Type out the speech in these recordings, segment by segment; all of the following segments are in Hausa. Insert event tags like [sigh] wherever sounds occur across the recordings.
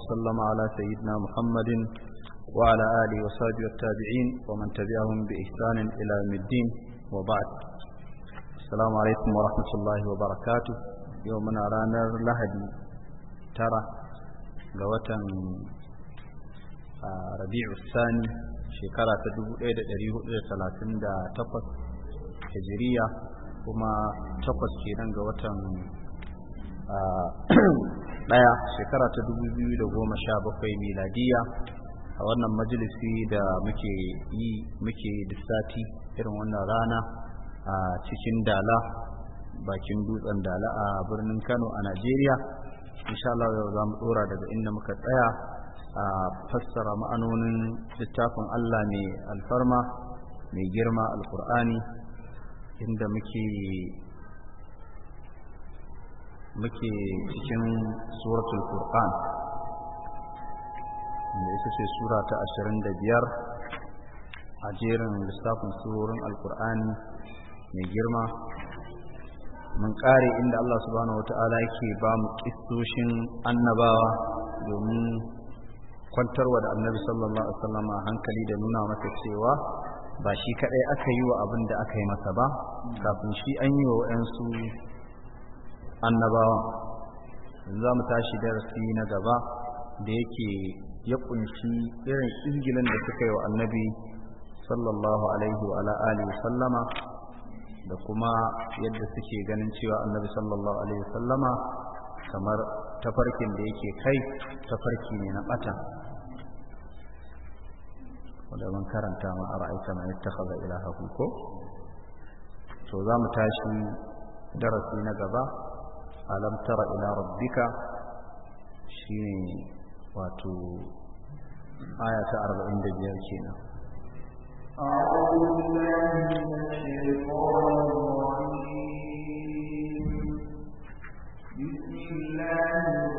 وسلم على سيدنا محمد وعلى آله وصحبه التابعين ومن تبعهم بإحسان إلى يوم الدين وبعد السلام عليكم ورحمة الله وبركاته يومنا رانا لهدي ترى قوة ربيع الثاني shekara ta 1438 hijiriya kuma takwas kenan ga watan ɗaya shekara ta da goma sha 2017 miladiya a wannan majalisi da muke yi muke sati irin wannan rana a cikin dala bakin dutsen dala a birnin kano a najeriya inshallah yau za mu dora daga inda muka tsaya a fassara ma'anonin littafin allah mai alfarma mai girma alkur'ani inda muke muke cikin suratul Qur'an da ita ce sura ta ashirin da biyar a jerin lissafin surorin alkur'ani mai girma mun kare inda Allah subhanahu wa ta'ala yake ba mu kissoshin annabawa domin kwantarwa da annabi sallallahu alaihi wasallam a hankali da nuna masa cewa ba shi kadai aka yi wa abin da aka yi masa ba kafin shi an yi wa 'yansu annabawan za mu tashi darasi na gaba da yake ya kunshi irin ingilin da suka yi wa annabi sallallahu alaihi wa ala'ali sallama da kuma yadda suke ganin cewa annabi sallallahu alaihi sallama kamar tafarkin da yake kai tafarki ne na bata wadda mun karanta ma a ra'aita ma yattakhadha ilaha ko to za mu tashi darasi na gaba alam tara ila rabbika shine wato aya ta 45 kenan أعوذ بالله من الشيطان الرجيم بسم الله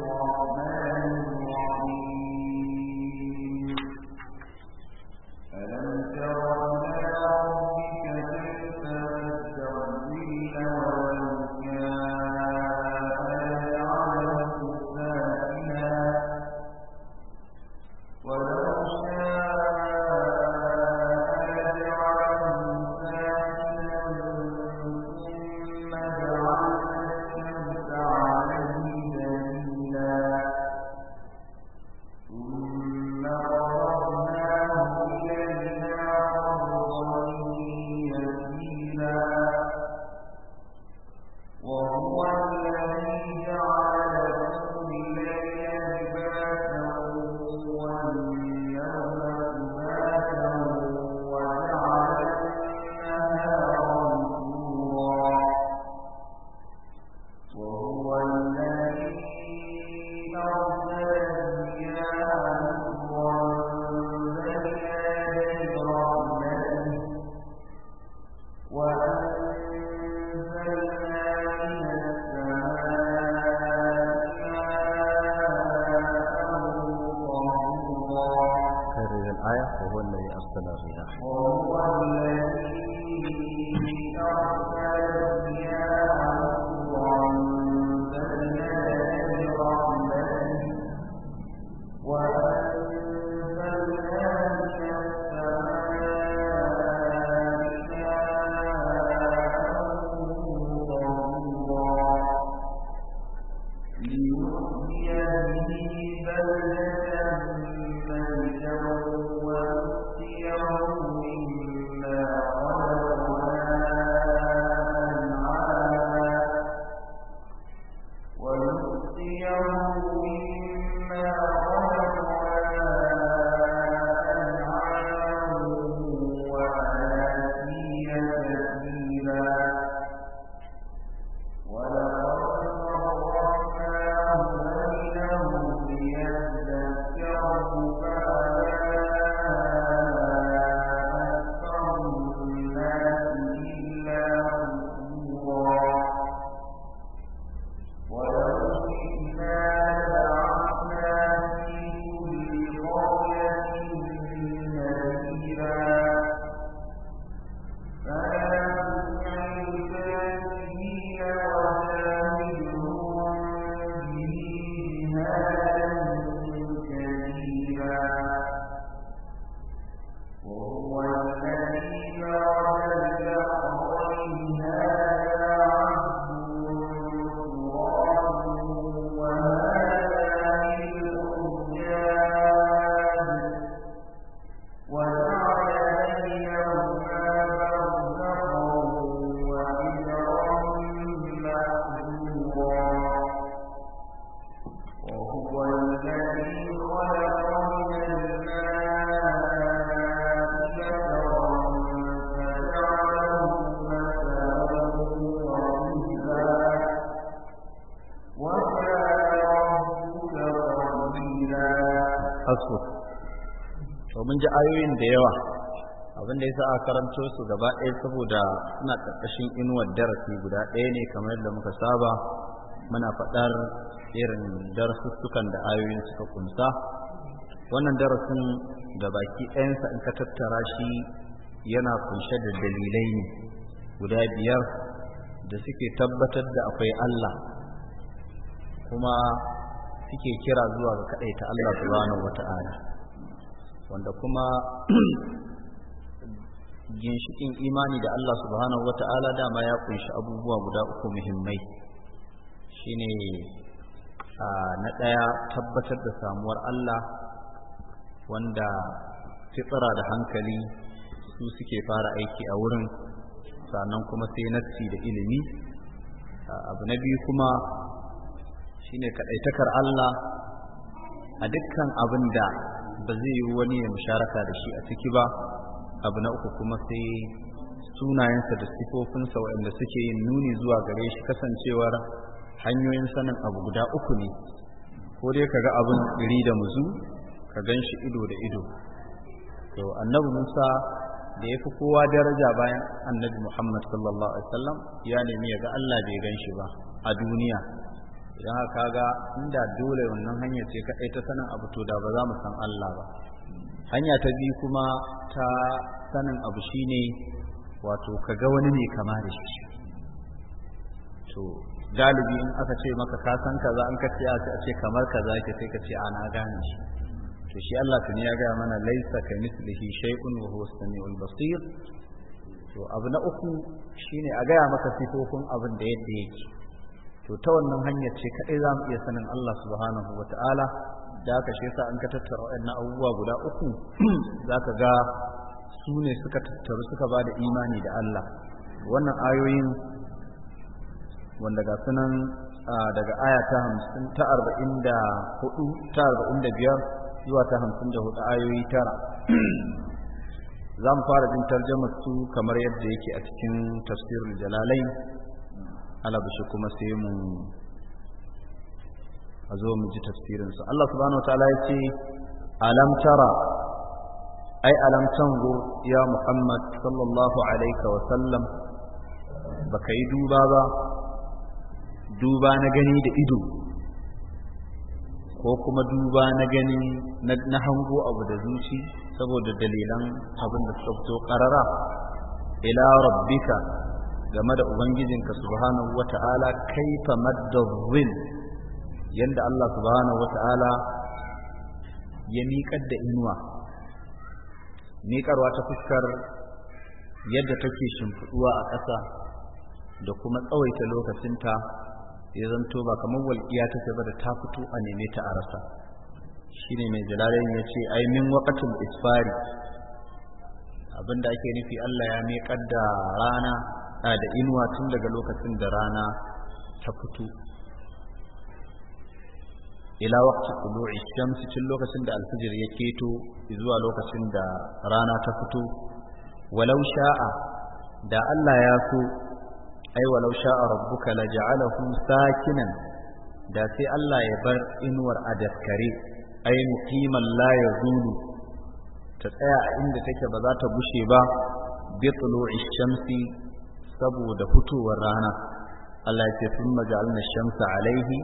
ayoyin da yawa abin da yasa a karanto su gaba ɗaya saboda suna ƙarƙashin inuwar darasi guda ɗaya ne kamar yadda muka saba muna faɗar irin darasussukan da ayoyin suka kunsa wannan darasin da baki ɗayansa in ka tattara shi yana kunshe da dalilai ne guda biyar da suke tabbatar da akwai Allah kuma suke kira zuwa ga kaɗai ta Allah subhanahu wata'ala wanda kuma [clears throat] ginshikin imani da Allah subhanahu Ta'ala dama ya kunshi abubuwa guda uku muhimmai shine na ɗaya tabbatar da samuwar Allah wanda fitsara da hankali su suke fara aiki a wurin sannan kuma sai nassi da ilimi abu na biyu kuma shine kaɗaitakar Allah a dukkan abin da ba zai yi wani ya musharaka da shi a ciki ba abu na uku kuma sai sunayensa da sifofinsa waɗanda suke yin nuni zuwa gare shi kasancewar hanyoyin sanin abu guda uku ne ko dai ka ga abin iri da muzu ka gan shi ido da ido to annabi musa da ya fi kowa daraja bayan annabi muhammad sallallahu alaihi wasallam ya nemi ya ga allah bai gan shi ba a duniya idan haka ga inda dole wannan hanya ce kaɗai ta sanin abu to da ba za mu san Allah ba hanya ta biyu kuma ta sanin abu shine wato ka ga wani ne kama da shi to galibi in aka ce maka ka san kaza an kace a ce kamar kaza ke sai ka ce ana gane shi to shi Allah tuni ya gaya mana laisa ka mislihi shay'un wa huwa samiul basir to abu na uku shine a gaya maka sifofin abin da yadda yake to ta wannan hanyar ce kaɗai za mu iya sanin Allah subhanahu wa ta'ala da aka shi yasa an ka tattara wa'annan abubuwa guda uku [clears throat] za ka ga su ne suka tattaru suka ba da imani da Allah wannan ayoyin wanda ga sunan daga aya ta hamsin ta arba'in da hudu ta arba'in da biyar zuwa ta hamsin da hudu ayoyi tara [clears throat] za mu fara jin tarjamar su kamar yadda yake a cikin tafsirin jalalai alabashi kuma sai mu a zo mu ji sa. Allah subhanahu wa ta'ala ya ce alam tara ai alam tanzur ya Muhammad sallallahu alaihi wa sallam baka yi duba ba duba na gani da ido ko kuma duba na gani na hango abu da zuci saboda dalilan abin da suka fito karara ila rabbika game da ubangijinka subhanahu wata'ala kaifa madda yadda yanda Allah subhanahu wata'ala ya miƙar da inuwa miƙarwa ta fuskar yadda take shimfiɗuwa a ƙasa da kuma tsawaita lokacinta ya zanto ba kamar walƙiya take ba da ta fito a neme ta a rasa shine mai jalalain ya ce ai min waqatul isfari abinda ake nufi Allah ya miƙar da rana da inuwa tun daga lokacin da rana ta fito ila waqti tulu'i shamsi tun lokacin da alfijir ya keto zuwa lokacin da rana ta fito walau sha'a da Allah ya so ai walau sha'a rabbuka la ja'alahum sakinan da sai Allah ya bar inuwar adaskare ai muqiman la yazulu ta tsaya a inda take ba za ta bushe ba bi tulu'i shamsi saboda fitowar rana Allah ya ce sun maja'alna shamsa alaihi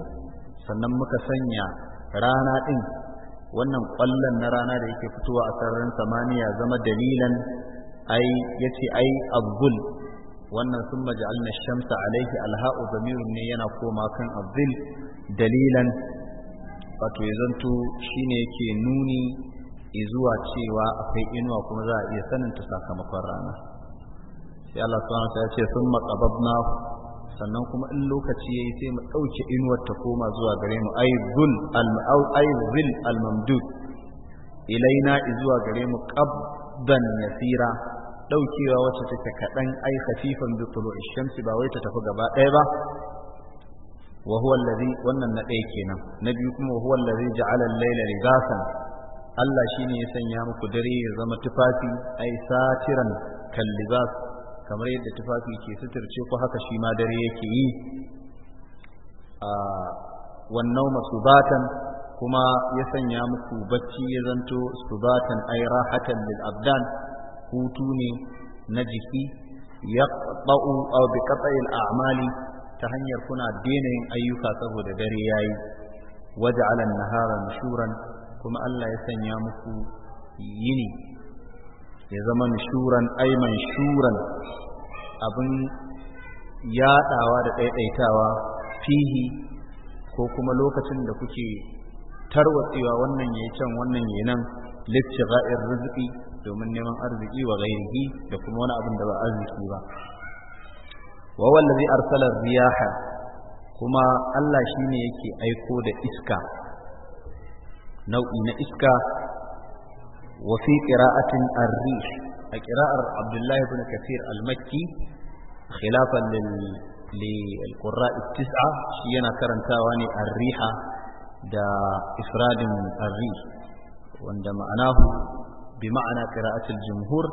sannan muka sanya rana ɗin wannan ƙwallon na rana da yake fitowa a sararin samaniya zama dalilan ai ya ce ai abdul wannan sun maja'alna shamsa alaihi alha'u zamirun ne yana koma kan abdul dalilan wato ya zanto shine yake nuni zuwa cewa akwai inuwa kuma za a iya saninta sakamakon rana sai Allah subhanahu wa ya ce sun sannan kuma in lokaci yayi sai mu dauke inuwar ta koma zuwa gare mu ay zul al au ay zil al mamdud ilaina zuwa gare mu qabdan yasira daukewa wacce take kadan ay khafifan bi tulu'i shamsi ba wai ta tafi gaba ɗaya ba wa huwa wannan na ɗaya kenan na biyu kuma wa huwa allazi ja'ala al-layla libasan Allah shine ya sanya muku dare ya zama tufafi ay satiran kal libas kamar yadda tufafi ke suturce ko haka shi ma dare yake yi a wannan masubatan kuma ya sanya muku bacci ya zanto subatan ay rahatan lil abdan hutu ne na jiki ya ba'u aw bi qata'il a'mali ta hanyar kuna daina yin ayyuka saboda dare yayi waja'ala alan nahara nushuran kuma Allah ya sanya muku yini ya zama mishuran aiman shuran abin yaɗawa da ɗaiɗaitawa fihi ko kuma lokacin da kuke tarwatsewa wannan ya can wannan ya nan ga'ir rizqi domin neman arziki wa ghairihi da kuma wani abin da ba arziki ba wa wallazi arsala riyaha kuma Allah shine yake aiko da iska nau'i na iska وفي قراءة الريح قراءة عبد الله بن كثير المكي خلافا للقراء التسعة شينا كرنتاواني الريحة دا إفراد الريح وعندما أناه بمعنى قراءة الجمهور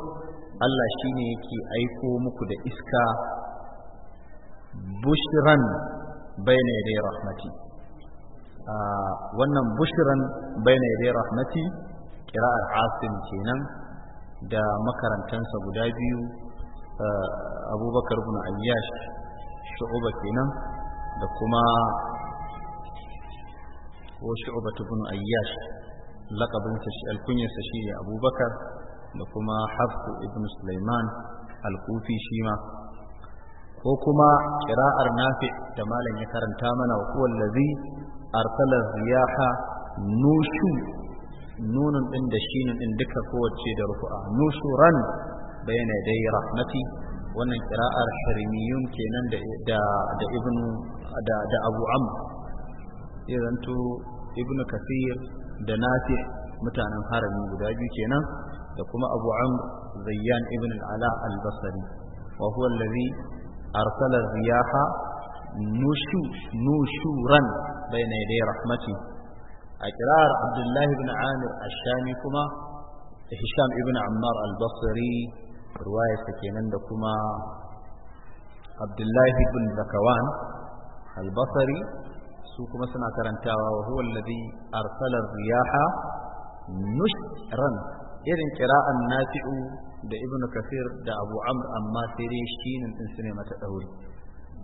Allah shi ne yake aiko muku da iska bushran bayna yadai rahmati wannan bushran bayna yadai rahmati kira'ar asim kenan da makarantansa guda biyu eh, abubakar bin ayyash shu'uba kenan da kuma ko shu'uba bin ayyash laqabinsa shi alkunyarsa shi ne abubakar da kuma hafsu ibn sulaiman alkufi shi ma ko kuma kira'ar nafi da malam ya karanta mana wa kuwallazi arsala ziyaha nushu nunun ɗin da shinun din duka kowace da rufu'a nusuran bayna dai rahmati wannan kira'ar harimiyun kenan da da ibnu da da abu am to ibnu kafir da nafi mutanen harami guda biyu kenan da kuma abu am zayyan ibn al al-basri wa huwa alladhi arsala riyaha nushu nushuran bayna yaday rahmatihi a kirar abdullahi ibn amir ashami kuma hisham ibn ammar al-basri kenan da kuma abdullahi ibn zakawan al su kuma suna karantawa wa huwa alladhi arsala riyaha nushran irin kira'an nafi'u da ibn kafir da abu amr amma sai dai shinin din su ne mata dauri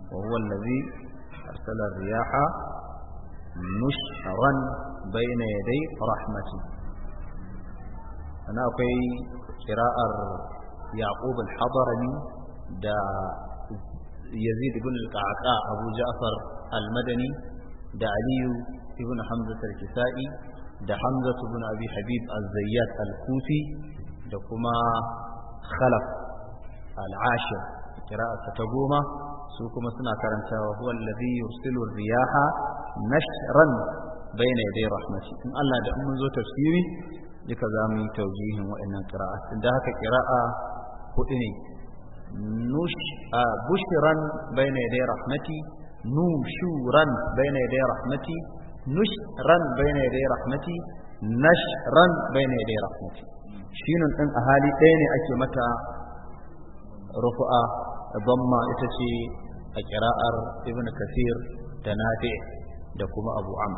wa huwa alladhi riyaha bai na yaday rahmati ana akwai kira'ar yaqub al-hadrami da yazid ibn al-qaqa abu ja'far al-madani da aliyu ibn hamza al da hamza ibn abi habib az-zayyat al-kufi da kuma khalaf al-ashir kira'arsa ta goma su kuma suna karantawa huwa allazi yursilu riyaha nashran bayna yaday rahmati in Allah da mun zo tafsiri duka za mu yi taujihin waɗannan qira'a da haka qira'a hudu ne nush bushran bayna yaday rahmati nushuran bayna yaday rahmati nushran bayna yaday rahmati nashran bayna yaday rahmati shinun din a hali ɗaya ne ake mata rufu'a dhamma ita ce a kira'ar ibn kasir da nafi da kuma abu am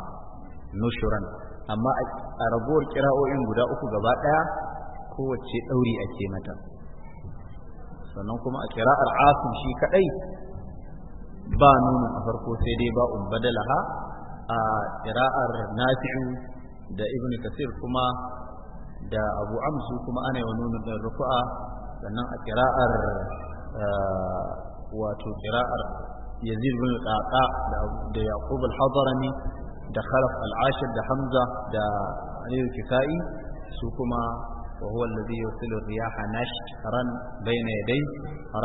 nushuran amma a raguwar kira'o'in guda uku gaba ɗaya kowace ɗauri ake mata sannan kuma a kira'ar asim shi kaɗai ba nuna a farko sai dai ba badalaha a kira'ar nafi'u da ibn kasir kuma da abu amsu kuma ana yi wa nunin rufu'a sannan a kira'ar eh, wato qira'ar yazid bin qaqa da yaqub al-hadrami da khalaf al-ashir da hamza da ali al-kisa'i su kuma wa huwa alladhi yusilu riyaha nashran bayna yaday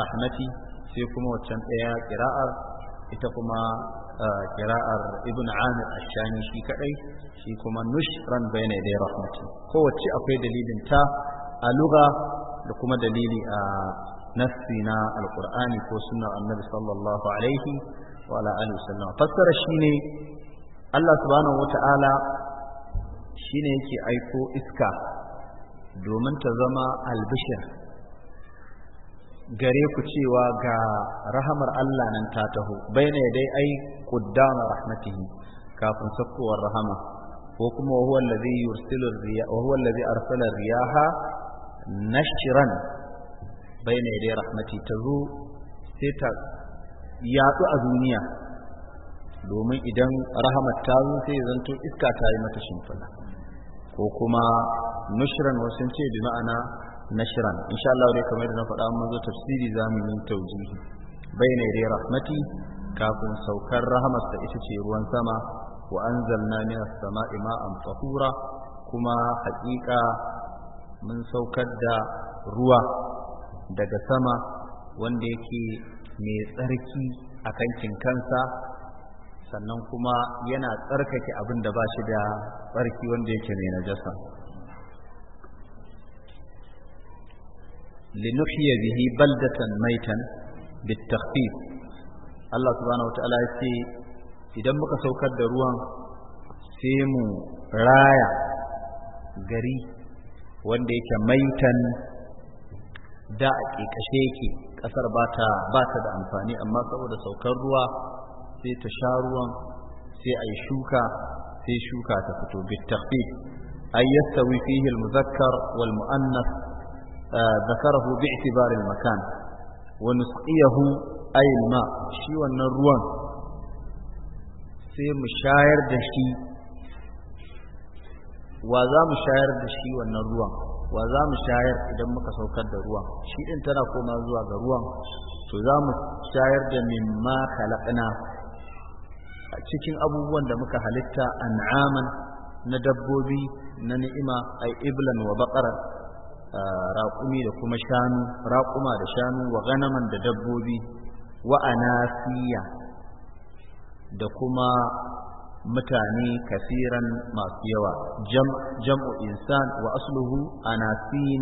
rahmati sai kuma waccan daya qira'ar ita kuma kira'ar ibn amir ashani shi kadai shi kuma nushran bayna yaday rahmati kowace akwai dalilin ta a lugha da kuma dalili a nassi na alƙur'ani ko suna annabi sallallahu alaihi wa ala alihi wasallam fassara shine Allah subhanahu wata'ala shine yake aiko iska domin ta zama albishir gare ku cewa ga rahamar Allah nan ta taho bayyana dai ai quddama rahmatihi kafin sakkowar rahama ko kuma wa huwa allazi yursilu riyaha wa huwa allazi arsala riyaha bayna yaday rahmati ta zo sai ta yatsu a duniya domin idan rahamar ta zo sai ya zanto iska ta yi mata shimfiɗa ko kuma nushran wasu ce bi ma'ana nashran insha Allah dai kamar yadda na faɗa mun zo tafsiri zamu yi taujihi bayna yaday rahmati kafin saukar rahamar ta ita ce ruwan sama wa anzalna minas sama'i ma'an tahura kuma haƙiƙa mun saukar da ruwa daga sama wanda yake mai tsarki a kankin kansa sannan kuma yana tsarkake abin da ba shi da tsarki wanda yake mai najasa linuhiyya bihi baldatan maitan bitakhfif Allah subhanahu wataala ya ce idan muka saukar da ruwan sai mu raya gari wanda yake maitan da a ƙiƙashe yake ƙasar ba ta da amfani amma saboda saukar ruwa sai ta sha ruwan sai a yi shuka sai shuka ta fito bittafi ay yastawi fihi muzakkar wal mu'annas ذكره makan المكان ونسقيه أي الماء shi wannan ruwan sai mu shayar da shi wa za mu shayar da shi wannan ruwan wa za mu shayar idan muka saukar da ruwa? shi ɗin tana koma zuwa ga ruwan to za mu shayar da mimma khalaqna a cikin abubuwan da muka halitta an'aman na dabbobi na ni'ima a iblan wa baƙarar raƙumi da kuma shanu raƙuma da shanu wa ganaman da dabbobi wa anasiya da kuma mutane kasiran masu yawa jam'u insan wa asluhu anasin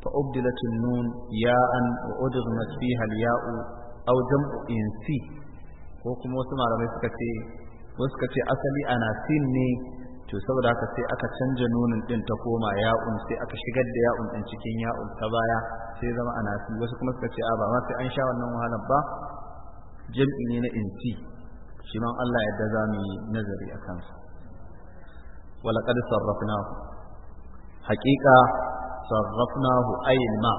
fa ubdilatun nun ya'an wa udghimat fiha al-ya'u aw jam'u insi ko kuma wasu malamai suka ce wasu suka ce asali anasin ne to saboda haka sai aka canja nunin din ta koma ya'un sai aka shigar da ya'un din cikin ya'un ta baya sai zama anasin wasu kuma suka ce a ba ma sai an sha wannan wahalar ba jam'i ne na insi shi Allah yadda za mu yi nazari a kansa walaƙar sarrafnahu Hakika sarrafnahu ayin ma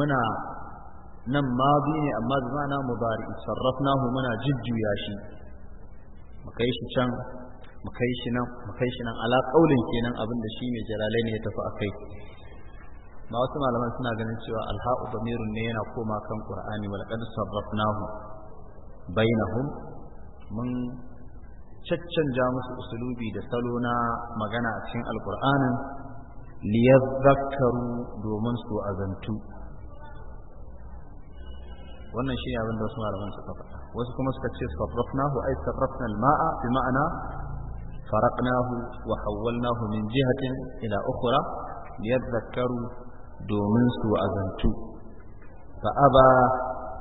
muna nan mazi ne amma zana mubari sarrafnahu muna jujjuya shi mu kai shi can mu kai shi nan mu shi nan ala kenan abin da shi mai jalalai ne ya tafi a kai ma wasu malaman suna ganin cewa alha'u damirun ne yana koma kan qur'ani wal sarrafnahu bainahum mun caccanja musu usulubi da salo na magana a cikin alkur'anin liyazakaru domin su azantu wannan shi ne abin da wasu malaman suka faɗa wasu kuma suka ce sarrafnahu ai sarrafna al-ma'a bi ma'ana faraqnahu wa hawwalnahu min jihatin ila ukhra liyadhakkaru domin su azantu fa aba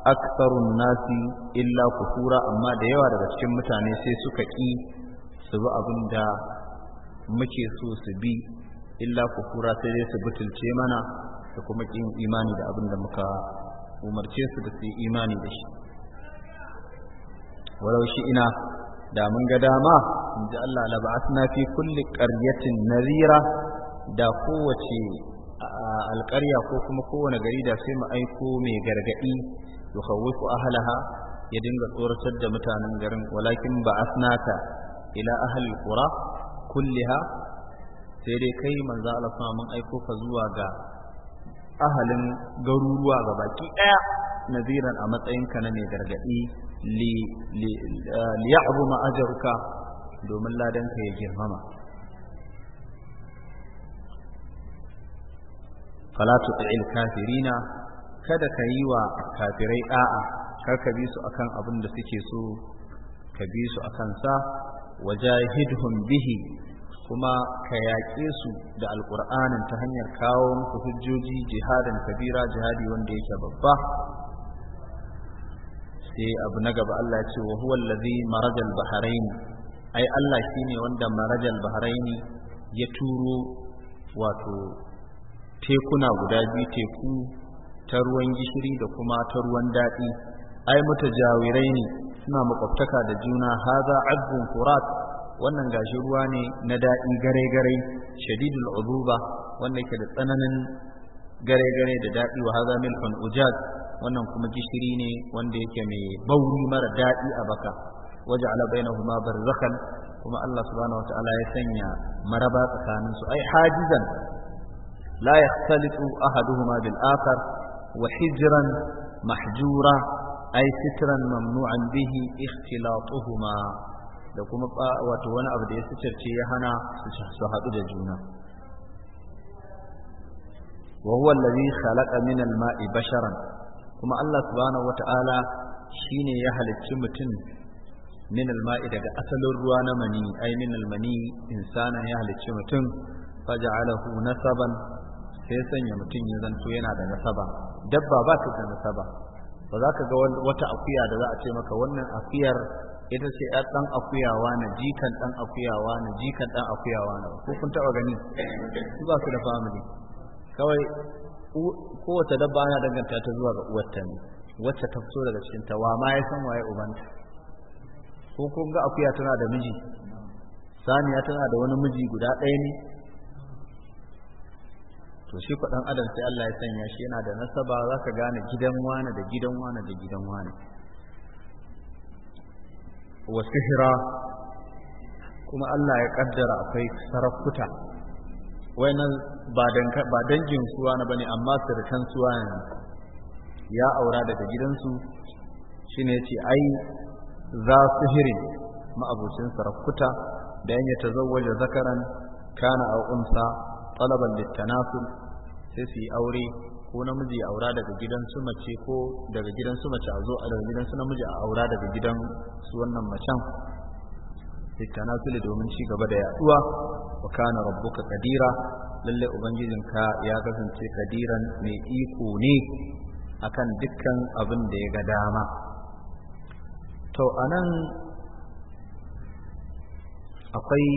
aktharun nasi illa kufura amma da yawa daga cikin mutane sai suka ki su bi abin da muke so su bi illa kufura sai dai su butulce mana su kuma kin imani da abin da muka umarce su da su yi imani da shi walau shi ina da mun ga dama in ji Allah la fi kulli qaryatin nazira da kowace alƙarya ko kuma kowane gari da sai mu aiko mai gargaɗi yukhawifu ahlaha ya dinga tsoratar da mutanen garin walakin ba'athnaka ila ahli alqura kulliha sai dai kai manzo Allah sama mun aiko ka zuwa ga ahalin garuruwa ga baki daya naziran a ka na mai gargadi li ma'ajaruka ajruka domin ladanka ya girmama fala tuti'il kafirina kada ka yi wa kafirai da'a kar ka bi su akan abin da suke so ka bi su akan sa wajahidhum bihi kuma ka yaƙe su da alƙur'anin ta hanyar kawo muku hujjoji jihadin kabira jihadi wanda yake babba sai abu na gaba Allah ce wa huwa allazi marajal bahrain ai Allah shine wanda marajal bahrain ya turo wato tekuna guda biyu teku ta ruwan gishiri da kuma ta ruwan daɗi ai mutajawirai ne suna makwabtaka da juna haza azbun furat wannan gashi ruwa ne na daɗi gare gare shadidul uzuba wanda yake da tsananin gare gare da daɗi wa haza milhun ujaz wannan kuma gishiri ne wanda yake mai bauri mara daɗi a baka waje ala huma barzakhan kuma Allah subhanahu wataala ya sanya maraba tsakaninsu ai hajizan la yakhtalitu ahaduhuma bil akhar وحجرا محجورا أي سترا bihi به اختلاطهما da kuma wato wani abu da ya sitarce ya hana su haɗu da juna wa huwa allazi khalaqa min mai basharan kuma Allah subhanahu wata'ala shine ya halicci mutum min mai daga asalin ruwa na mani ai min mani insana ya halicci mutum faja'alahu nasaban sai sanya mutum ya zanto yana da nasaba dabba ba ta da nasaba ba za ka ga wata akuya da za a ce maka wannan akuyar ita ce ɗan ɗan akuyawa na jikan ɗan akuyawa na jikan ɗan akuyawa na ko kun taɓa gani su ba su da family kawai kowace dabba ana danganta ta zuwa ga uwarta ne wacce ta fito daga cikin ta wa ma ya san waye ubanta ko kun ga akuya tana da miji saniya tana da wani miji guda ɗaya ne to shi kwaɗan adam sai Allah ya sanya shi yana da nasaba za ka gane gidan wane da gidan wane da gidan wane wa sihira kuma Allah ya kaddara akwai sarakuta na ba dangin suwa na bane amma sirkan suwa ne ya aura daga gidansu shine yace ai za hiri ma'abucin sarakuta da yanya tazawwaja zakaran kana au unsa talaban littanasul sai su yi aure ko namiji a aura daga gidan su mace ko daga gidan su mace a zo a daga gidan su namiji a aura daga gidan su wannan macen littanasul domin ci gaba da yaduwa wa kana rabbuka qadira lalle ka ya kasance kadiran mai iko ne akan dukkan abin da ya ga dama to anan akwai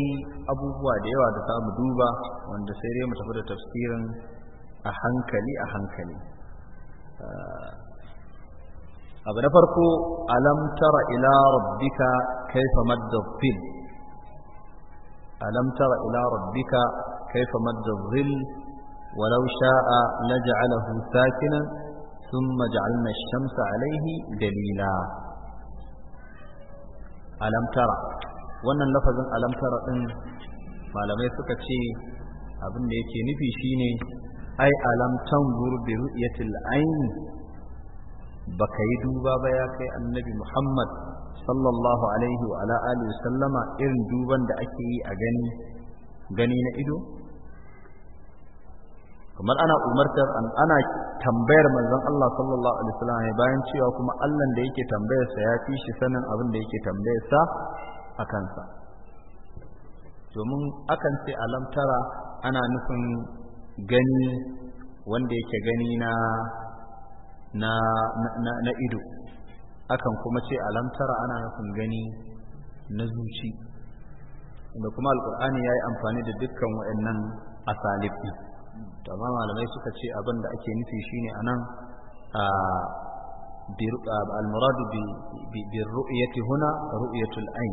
abubuwa da yawa da za mu duba wanda sai dai mu tafi da tafsirin a hankali a hankali ah, abu na farko alam tara ila rabbika kaifa madda dhil alam tara ila rabbika kaifa madda dhil walau sha'a naj'alahu sakinan thumma ja'alna ash-shamsa alayhi dalila alam tara wannan lafazin alamtar din malamai suka ce abin da yake nufi shine ai alamtan bi ru'yatil ayn baka yi duba ba ya kai annabi Muhammad sallallahu alaihi wa ala alihi sallama irin duban da ake yi a gani gani na ido kamar ana umartar ana tambayar manzon Allah sallallahu alaihi wasallam bayan cewa kuma Allah da yake tambayar sa ya fi shi sanin abin da yake tambayar sa a kansa domin akan ce alamtara ana nufin gani wanda yake gani na na, na, na ido akan kuma ce alamtara ana nufin gani na zuci inda kuma alkur'ani ya yi amfani da dukkan waɗannan asalib ɗin amma malamai suka ce abin da ake nufi shine a nan bi بالرؤية huna رؤية ain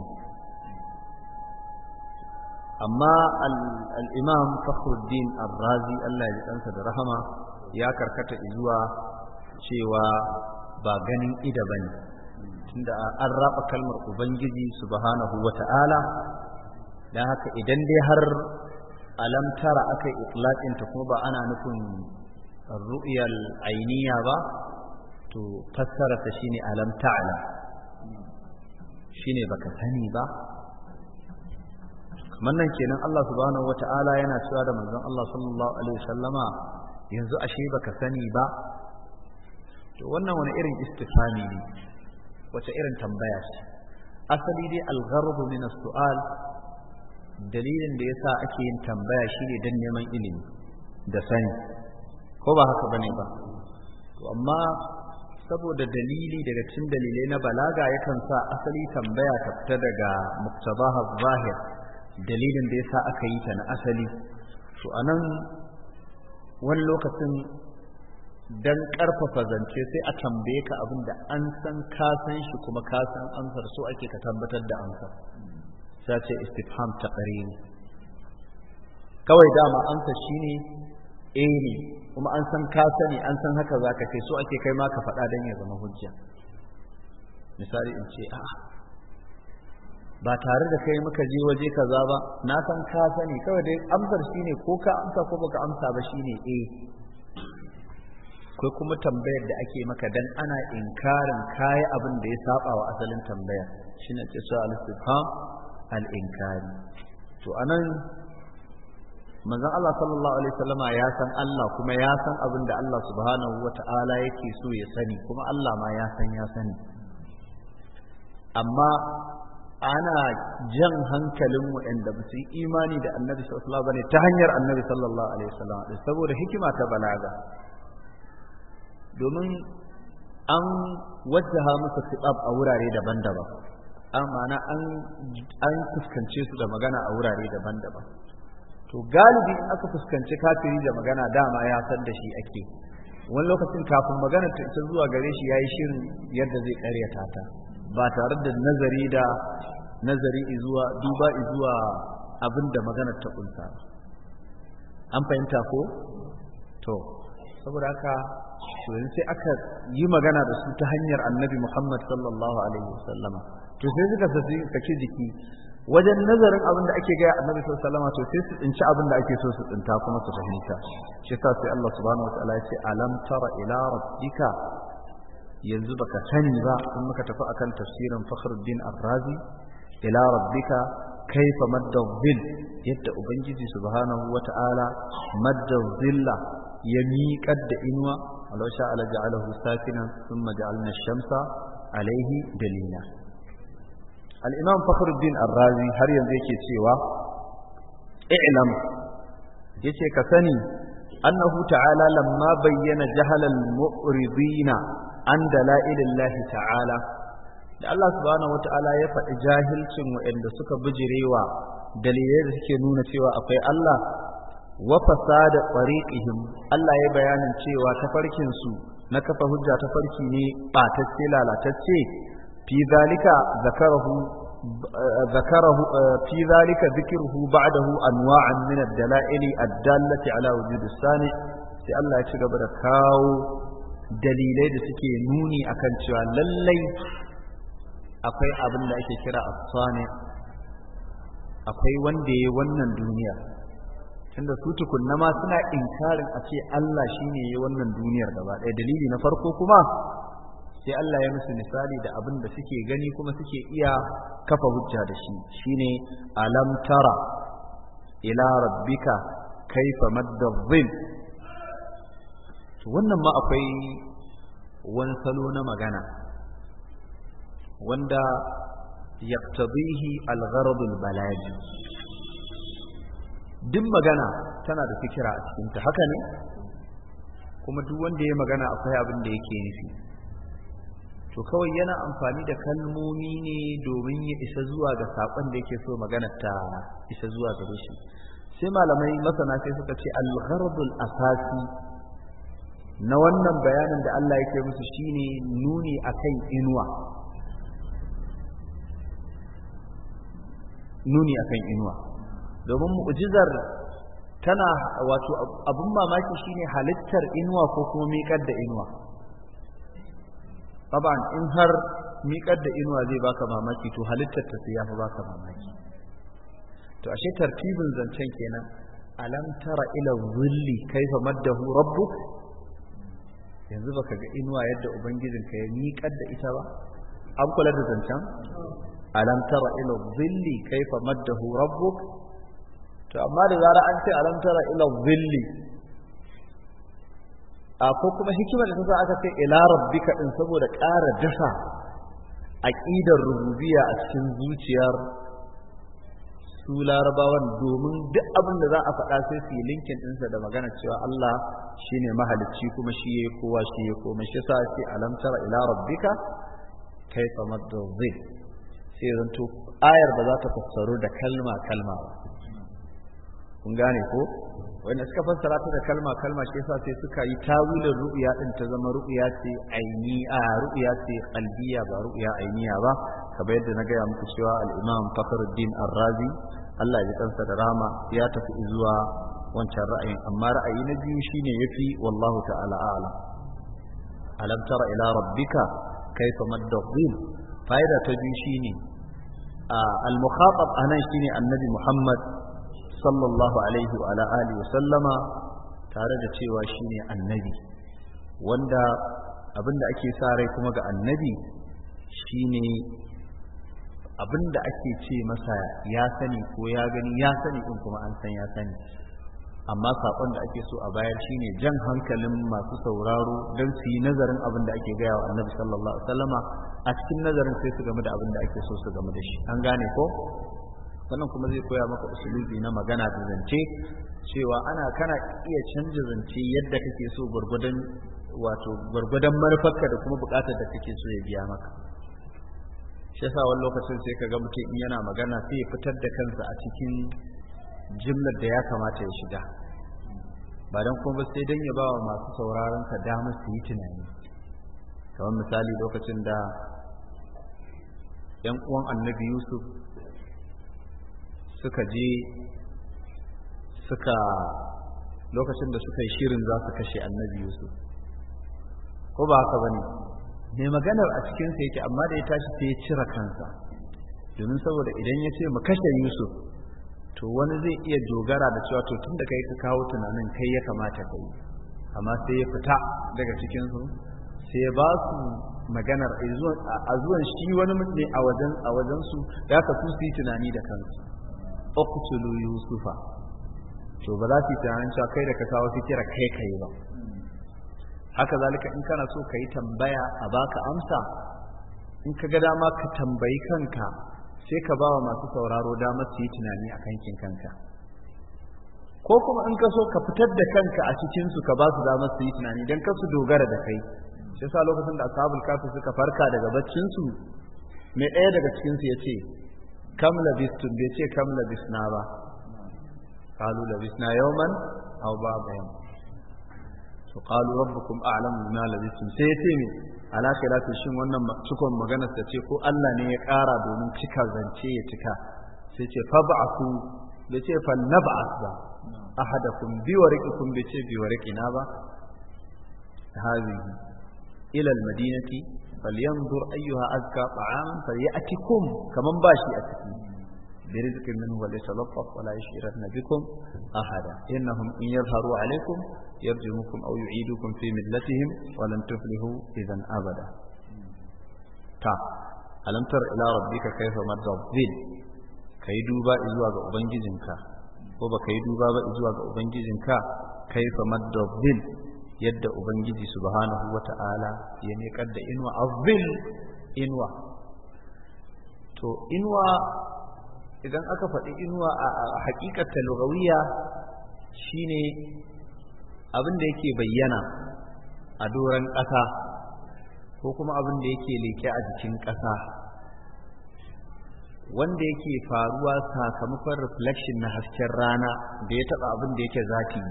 amma al'imam fakhruddin arrazi Allah ya ɗansa da rahama ya karkata zuwa cewa ba ganin ida ba ne tunda an raba kalmar ubangiji subhanahu wa ta'ala don haka idan dai har alamtara aka yi ta kuma ba ana nufin ru'yal ainiya ba to fassararta shine alam ta'ala shine baka sani ba wannan kenan Allah subhanahu wata'ala yana cewa da manzon Allah sallallahu alaihi wasallama yanzu ashe baka sani ba to wannan wani irin istifani ne wata irin tambaya ce asali dai al-gharbu min as-su'al dalilin da yasa ake yin tambaya shine dan neman ilimi da sani ko ba haka bane ba to amma saboda dalili daga cikin dalilai na balaga yakan sa asali tambaya ta fita daga muktaba zahir dalilin da ya sa aka yi ta na asali su a nan wani lokacin don karfafa zance sai a tambaye ka abin da an san ka san shi kuma ka san amsar so ake ka tabbatar da amsar sai ce istifham ta ne kawai dama amsar shine eh ne kuma an san ka sani an san haka za ka ce so ake kai ma ka faɗa dan ya zama hujja misali in ce a'a ba tare da kai muka je waje kaza ba na san ka sani kawai dai amsar shine ko ka amsa ko baka amsa ba shine eh kai kuma tambayar da ake maka dan ana inkarin kai abin da ya saba wa asalin tambaya shine ce su al-istifham al-inkari to anan manzon Allah sallallahu alaihi wasallama ya san Allah kuma ya san abin da Allah subhanahu wata'ala yake so ya sani kuma Allah ma ya san ya sani amma ana jan hankalin waɗanda ba su yi imani da annabi sallallahu alaihi wasallam ta hanyar annabi sallallahu alaihi wasallam saboda hikima ta balaga domin an wajaha musu kitab a wurare daban-daban amma an an fuskance su da magana a wurare daban-daban to galibi aka fuskanci kafiri da magana dama ya san da shi ake wani lokacin kafin magana ta isa zuwa gare shi yayi shirin yadda zai karyata ta ba tare da nazari da nazari duba izuwa abin da maganar ta kunsa an fahimta ko to saboda haka to sai aka yi magana da su ta hanyar annabi Muhammad sallallahu alaihi wasallam to sai suka saki jiki wajen nazarin abin da ake gaya annabi sallallahu alaihi wasallam to sai su tsinci abin da ake so su tsinta kuma su fahimta shi yasa sai Allah subhanahu ta'ala ya ce alam tara ila rabbika yanzu baka sani ba in muka tafi akan tafsirin Fakhruddin Ar-Razi ila rabbika kaifa madda dhil yadda ubangiji subhanahu wata'ala madda dhilla ya miƙar da inuwa Allah sha ala ja'alahu sakinan thumma ja'alna ash-shamsa alayhi dalila al-imam Fakhruddin Ar-Razi har yanzu yake cewa i'lam yace ka sani أنه تعالى لما بين جهل المؤرضين عن دلائل الله تعالى da Allah subhanahu wata'ala ya faɗi jahilcin waɗanda suka bijirewa dalilai da suke nuna cewa akwai Allah wa fasada tsariƙihim Allah ya bayanin cewa su na kafa hujja tafarki ne ɓatacce lalatacce fi zalika zakarahu ذكره في ذلك ذكره بعده أنواع من الدلائل الدالة على وجود ci gaba da kawo dalilai da suke nuni akan cewa lallai akwai abin da ake kira asane akwai wanda ya wannan duniyar, tunda su tukunna ma suna inkarin a ce Allah shi ne ya wannan duniyar gaba ɗaya dalili na farko kuma sai Allah ya musu misali da abin da suke gani kuma suke iya kafa hujja da shi shine alam tara ila rabbika kaifa madda to wannan ma akwai wani salo na magana wanda yaqtadihi al-gharad al-balaji duk magana tana da fikira a cikinta haka ne kuma duk wanda ya magana akwai abin da yake nufi to kawai yana amfani da kalmomi ne domin ya isa zuwa ga saƙon da yake so magana ta isa zuwa gare shi sai malamai masana sai suka ce al asasi na wannan bayanin da Allah yake musu shine nuni akan inuwa nuni akan inuwa domin mu'jizar tana wato abun mamaki shine halittar inuwa ko kuma miƙar da inuwa taban in har miƙar da inuwa zai baka mamaki to halittar ta sai ya fi baka mamaki to ashe tartibin zancen kenan alam tara ila zulli kaifa maddahu rabbuk yanzu baka ga inuwa yadda ubangijin ka ya miƙar da ita ba an kula da zancen alam tara ila zilli kaifa maddahu rabbuk to amma da zara an ce alam tara ila zilli ko kuma hikimar da ta sa aka ce ila rabbika din saboda ƙara dafa aƙidar rububiya a cikin zuciyar su larabawan domin duk abin da za a faɗa sai su yi linkin ɗinsa da magana cewa Allah shi ne mahalicci kuma shi ya kowa shi ya koma shi sa ce alamtara ila rabbika kai famar zai sai zanto ayar ba za ta fassaro da kalma kalma ba kun gane ko wanda suka fassara ta da kalma kalma ke sa sai suka yi tawilin ru'ya din ta zama ru'ya ce aini a ru'ya ce qalbiya ba ru'ya ainiya ba kamar yadda na gaya muku cewa al-Imam Fakhruddin Ar-Razi Allah ya kansa da rama, ya tafi zuwa wancan ra'ayin amma ra'ayi na biyu shine yafi wallahu ta'ala a'lam alam tara ila rabbika kaifa madda fa'ida ta biyu shine al-mukhatab anan shine annabi Muhammad sallallahu alaihi wa ala alihi sallama tare da cewa shine annabi wanda abinda ake sa rai kuma ga annabi shine abinda ake ce masa ya sani ko ya gani ya sani din kuma an san ya sani amma saƙon da ake so a bayar shine jan hankalin masu sauraro don su yi nazarin abin da ake gaya wa annabi sallallahu alaihi wa sallama a cikin nazarin sai su game da abinda ake so su game da shi an gane ko sannan kuma zai koya maka usulubi na magana da zance cewa ana kana iya canza zance yadda kake so gwargwadon wato gwargwadon manufarka da kuma bukatar da kake so ya biya maka shi yasa wani lokacin sai ka ga mutum in yana magana sai ya fitar da kansa a cikin jimlar da ya kamata ya shiga ba dan kuma sai dan ya bawa masu sauraron ka damar su yi tunani kamar misali lokacin da yan uwan annabi yusuf suka je suka lokacin da suka yi shirin za su kashe annabi yusuf ko ba haka bane mai maganar a cikinsa yake amma da ya tashi sai ya cire kansa domin saboda idan ya ce mu kashe yusuf to wani zai iya dogara da cewa to tun da kai ka kawo tunanin kai ya kamata ka yi amma sai ya fita daga cikinsu sai ya ba su maganar a zuwan shi wani ne a wajen su ya ka su yi tunani da kansu uqtulu yusufa to ba za su yi tunanin cewa kai da ka kawo kai kai ba haka zalika in kana so ka yi tambaya a baka amsa in ka ga dama ka tambayi kanka sai ka bawa masu sauraro damar su yi tunani a kankin kanka ko kuma in ka so ka fitar da kanka a cikinsu ka ba su damar su yi tunani don kar su dogara da kai sai sa lokacin da ashabul kafi suka farka daga baccinsu mai ɗaya daga cikinsu ya ce kam labistun bai ce kam labisna ba qalu labisna yawman aw ba'da yawm to qalu rabbukum a'lamu bima labistum sai yace ne ala khilafin shin wannan cikon magana ta ce ko Allah ne ya ƙara domin cika zance ya cika sai ce fab'athu bai ce falnab'ath ba ahadakum bi wariqikum bai ce bi wariqina ba hadhihi ila al-madinati falyanzur ayyuha azka ta'am falyatikum kaman bashi a ciki bi rizqin min wa yatalaffaf wa la yash'iranna bikum ahada innahum in yadhharu alaykum yarjumukum aw yu'idukum fi millatihim wa lan tuflihu idan abada ta alam tar ila rabbika kayfa madda dhil kai duba zuwa ga ubangijinka ko ba yi duba ba zuwa ga ubangijinka kaifa madda yadda ubangiji subhanahu wata'ala ya nekar da inuwa azil inuwa to inuwa idan aka faɗi inuwa a haƙiƙata lugawiya shine abin da yake bayyana a doron ƙasa ko kuma abin da yake leke a jikin ƙasa wanda yake faruwa sakamakon reflection na hasken rana da ya taɓa abin da yake zati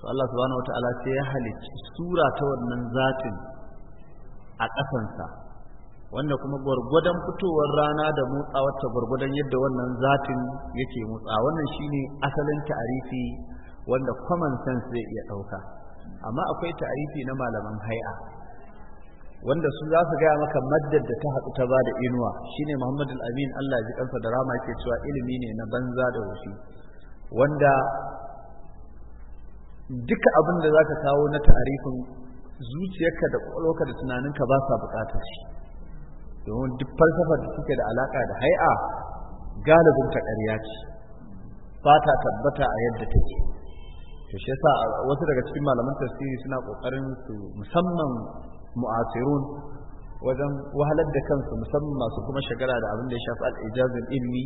to Allah subhanahu wata'ala sai ya halicci sura ta wannan zatin a ƙasansa wanda kuma gwargwadon fitowar rana da motsawar ta gwargwadon yadda wannan zatin yake motsa wannan shine asalin ta'arifi wanda common sense zai iya ɗauka amma akwai ta'arifi na malaman hai'a wanda su za su gaya maka maddar da ta haɗu ta bada inuwa shine Muhammad al-Amin Allah ya ji kansa da rama yake cewa ilimi ne na banza da wasu wanda duka abin da za ka kawo na tarihin zuciyarka da ƙwaƙwalwarka da tunaninka ba sa buƙatar shi domin duk falsafar da suke da alaƙa da hai'a galibin ta ƙarya ce ba ta tabbata a yadda take to shi yasa wasu daga cikin malaman tasiri suna ƙoƙarin su musamman mu'asirun wajen wahalar da kansu musamman masu kuma shagara da abin da ya shafi al'ijazin ilmi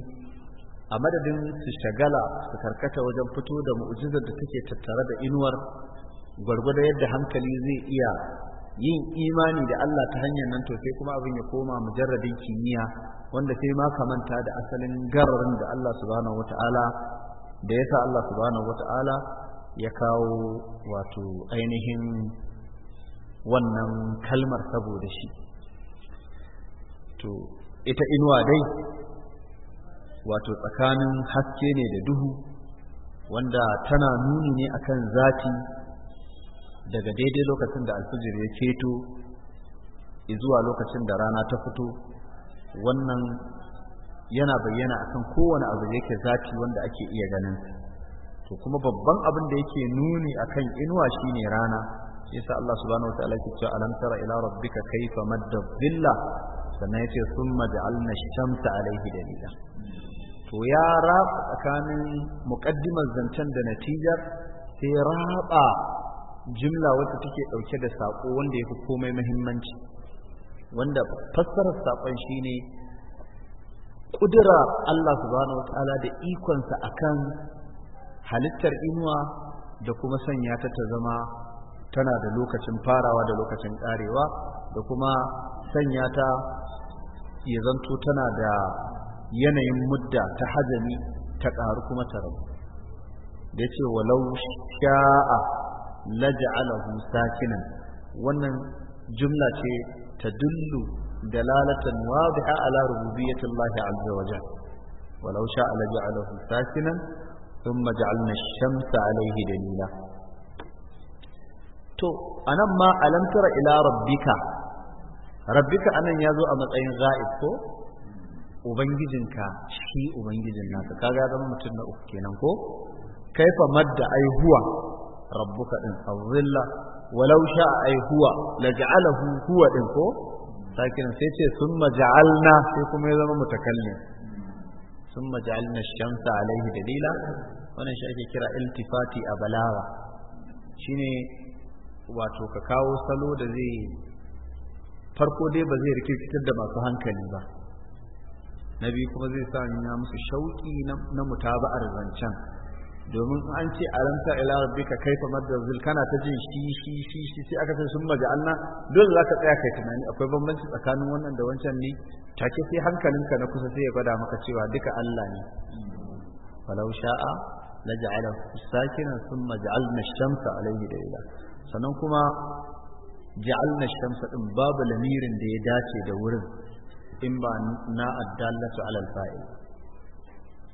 a madadin su shagala su karkata wajen fito da mu'ujizar da take tattare da inuwar gwargwada yadda hankali zai iya yin imani da Allah ta hanyar nan to sai kuma abin ya koma mujarradin kimiyya wanda sai ma kamanta da asalin gararin da Allah subhanahu wata'ala da yasa Allah subhanahu wata'ala ya kawo wato ainihin wannan kalmar saboda shi to ita inuwa dai wato tsakanin haske ne da duhu wanda tana nuni ne akan zati daga daidai lokacin da alfijir ya keto zuwa lokacin da rana ta fito wannan yana bayyana akan kowane abu da yake zati wanda ake iya ganin to kuma babban abin da yake nuni akan inuwa shine rana yasa Allah subhanahu wataala yake cewa alam tara ila rabbika kayfa madda dhilla sannan yace summa ja'alna ash-shamsa alayhi dalila to ya raba tsakanin muƙaddimar zancen da natijar sai ya raba jimla wacce take ɗauke da saƙo wanda ya fi komai muhimmanci wanda fassarar saƙon shine ƙudura Allah subhanahu wataala da ikonsa akan halittar inuwa da kuma sanya ta ta zama tana da lokacin farawa da lokacin ƙarewa da kuma sanya ta ya zanto tana da yanayin mudda ta hajami ta ƙaru kuma ta rabu da ya ce walau sha'a laja'alahu sakinan wannan jumla ce ta dullu dalalatan wadiha ala rububiyyatillahi azza wa jalla walau sha'a laja'alahu sakinan ثم جعلنا الشمس عليه dalila. to anan ma alam tara ila rabbika rabbika anan yazo a matsayin ghaib ko ubangijinka shi ubangijin nasa kaga zama mutum na uku kenan ko fa madda ai huwa rabbuka din fadhilla walau sha ai huwa ja'alahu huwa din ko sakin sai ce summa ja'alna sai kuma ya zama mutakallim summa ja'alna shamsa alaihi dalila wannan shi ake kira iltifati a balawa shine wato ka kawo salo da zai farko dai ba zai rikirkitar da masu hankali ba na biyu kuma zai sa ya musu shauƙi na mutaba'ar zancen domin an ce a ranta ila rabbika kaifa madazzil kana ta jin shi shi shi shi sai aka ce sun maji Allah dole za ka tsaya kai tunani akwai bambanci tsakanin wannan da wancan ne take sai hankalinka na kusa sai ya gwada maka cewa duka Allah ne falau sha'a laja'alahu sakinan thumma ja'alna shamsa alayhi da'ila sannan kuma ja'alna ash-shamsa din babu lamirin da ya dace da wurin in ba na addallatu alal fa'il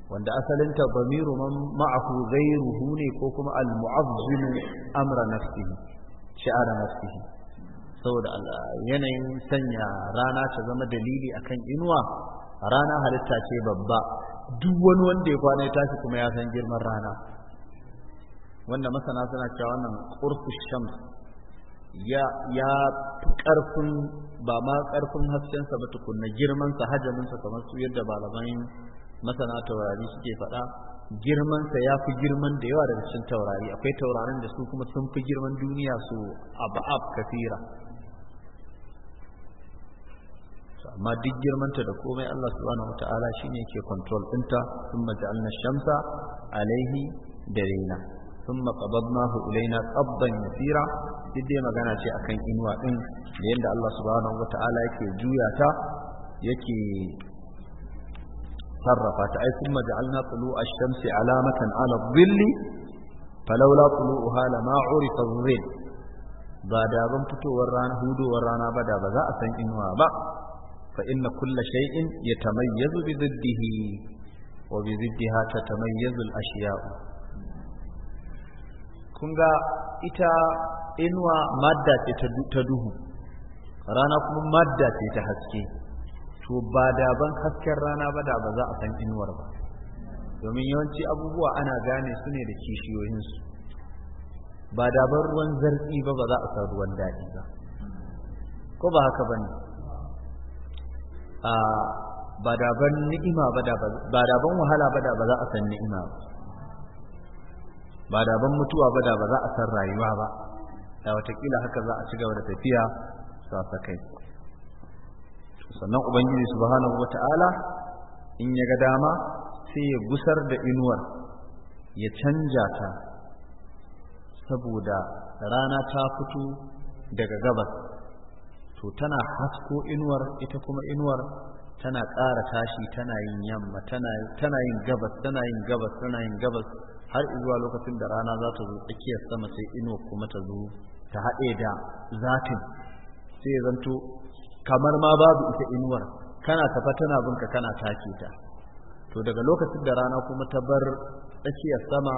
wanda asalinta bamiru man ma'ahu ruhu ne ko kuma al mu'azzimu amra nafsihi shi'ara nafsihi saboda yanayin sanya rana ta zama dalili akan inuwa rana halitta ce babba duk wani wanda ya kwana ya tashi kuma ya san girman rana wanda masana suna cewa wannan qurfu shams ya ya karfin ba ma karfin haskensa ba tukunna girmansa hajaminsa kamar su yadda malaman masana taurari suke faɗa girmansa ya fi girman da yawa daga cikin taurari akwai taurarin da su kuma sun fi girman duniya su aba'ab kafira amma duk girmanta da komai Allah subhanahu wata'ala shine ke control ɗinta sun maja'alna shamsa alaihi da ثم قبضناه إلينا قبضا يسيرا duk dai magana ce akan inuwa ɗin, da yadda Allah subhanahu wata'ala yake juya ta yake sarrafa ta ai kuma ja'alna tulu ash-shamsi alamatan ala dhilli falawla tuluha lama urifa dhill ba da ban fitowar rana hudowar rana ba da ba za a san inuwa ba fa inna kulla shay'in yatamayyazu bi dhiddihi wa bi dhiddiha tatamayyazu al-ashya'u kun ga ita inuwa madda ce ta duhu rana kuma madda ce ta haske to ba daban hasken rana ba da ba za a san inuwar ba domin yawanci abubuwa ana gane su ne da kishiyoyinsu ba daban ruwan zarfi ba ba za a san ruwan daɗi ba ko ba haka ba ne ah, ba daban ni'ima ba da ba daban wahala ba da ba za a san ni'ima ba ba da ban mutuwa ba da ba za a san rayuwa ba da watakila haka za a ci gaba da tafiya sa kai sannan ubangiji subhanahu wata'ala in ya ga dama sai ya gusar da inuwar ya canja ta saboda rana ta fito daga gabas to tana hasko inuwar ita kuma inuwar tana ƙara tashi tana yin yamma tana yin gabas tana yin gabas tana yin gabas har zuwa lokacin da rana za ta zo tsakiyar sama sai ino kuma ta zo ta haɗe da zatin sai ya zanto kamar ma babu ita inuwar kana tafa tana binka kana take ta to daga lokacin da rana kuma ta bar tsakiyar sama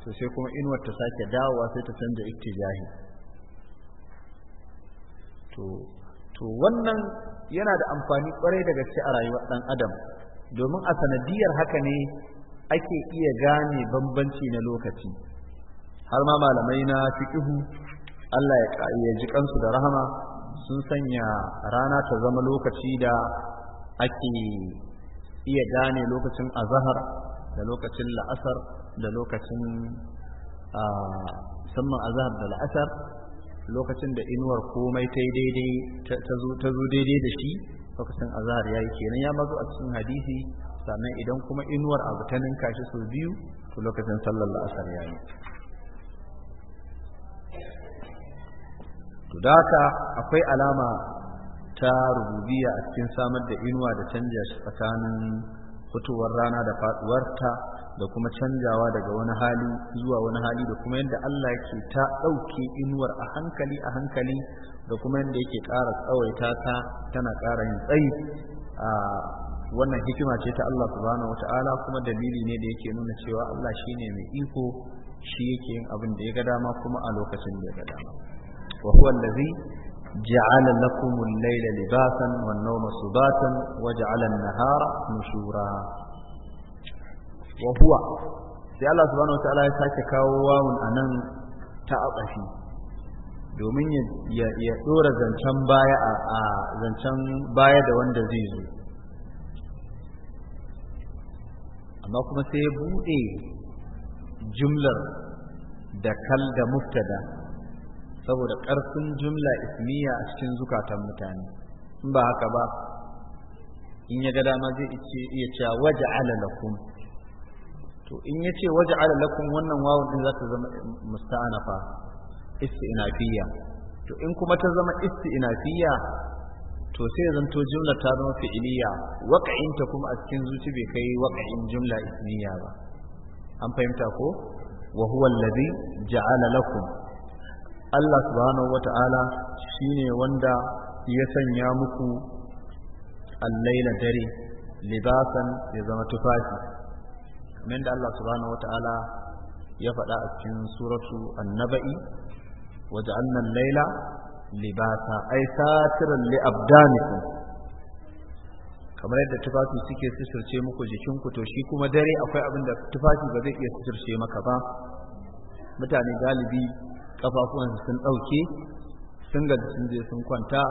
to sai kuma inuwar ta sake dawowa sai ta canza ittijahi to to wannan yana da amfani kwarai da gaske a rayuwar dan adam domin a sanadiyar haka ne ake iya gane bambanci na lokaci har ma malamai na fiqihu Allah ya ji kansu da rahama sun sanya rana ta zama lokaci da ake iya gane lokacin azahar da lokacin la'asar da lokacin musamman azahar da la'asar lokacin da inuwar komai ta daidai ta zo daidai da shi lokacin azahar ya yi kenan ya mazo a cikin hadisi sannan idan kuma inuwar abu ta ninka shi sau biyu to lokacin sallar la'asar ya yi to akwai alama ta rububiya a cikin samar da inuwa da canja tsakanin fitowar rana da faduwarta da kuma canjawa daga wani hali zuwa wani hali da kuma yadda Allah yake ta ɗauke inuwar a hankali a hankali da kuma yadda yake ƙara tsawaita ta tana ƙara yin tsayi a ah, wannan hikima ce ta Allah subhanahu wata'ala kuma dalili ne da yake nuna cewa Allah shine mai iko shi yake yin abin da ya ga dama kuma a lokacin da ya ga dama wa huwa allazi ja'ala lakum al-layla libasan wan nawma subatan wa ja'ala an-nahara nushura wa huwa sai Allah subhanahu wata'ala ya sake kawo wawun anan ta abashi domin ya dora zancen baya a zancen baya da wanda zai zo amma kuma sai ya buɗe jumlar da kal da muftada saboda ƙarfin jumla ismiya a cikin zukatan mutane in ba haka ba in ya ga dama zai iya cewa waje lakum to in ya ce waje lakum wannan wawon din za ta zama musta'anafa isti'nafiya to in kuma ta zama isti'nafiya to sai zanto jumla ta zama fi'iliya waƙa'inta kuma a cikin zuci bai kai waƙa'in jumla ismiya ba an fahimta ko wa huwa allazi ja'ala lakum Allah subhanahu wata'ala shine wanda ya sanya muku allaila dare libasan ya zama tufafi kamar da Allah subhanahu wata'ala ya faɗa a cikin suratu annaba'i, waje waja'alna al-laila libasa ai satiran li kamar yadda tufafi suke sisirce muku jikinku to shi kuma dare akwai abin da tufafi ba zai iya sisirce maka ba mutane galibi kafafuwansu sun ɗauke sun gaji sun je sun kwanta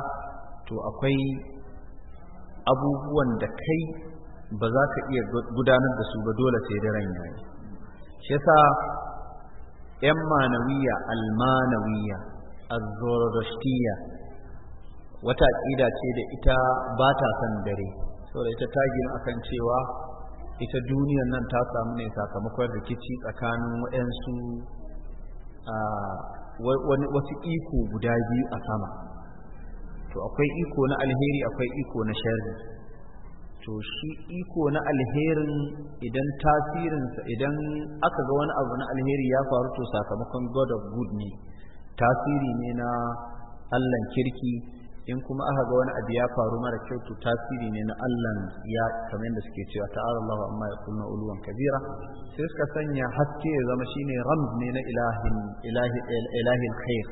to akwai abubuwan da kai ba za ka iya gudanar da su ba dole sai daren yayi shi yasa 'yan manawiya almanawiya az wata aqida ce da ita ba ta san dare saboda ita ta gina akan cewa ita duniyar nan ta samu ne sakamakon rikici tsakanin waɗansu wasu iko guda biyu a sama to akwai iko na alheri akwai iko na sharri to shi iko na alherin idan tasirinsa idan aka ga wani abu na alheri ya faru to sakamakon god of good ne tasiri ne na allan kirki in kuma aka ga wani abu ya faru mara kyau to tasiri ne na allan ya kamar yadda suke cewa ta'ala Allahu amma ya kuma uluwan kabira sai suka sanya haske ya zama shine ram ne na ilahin ilahin khair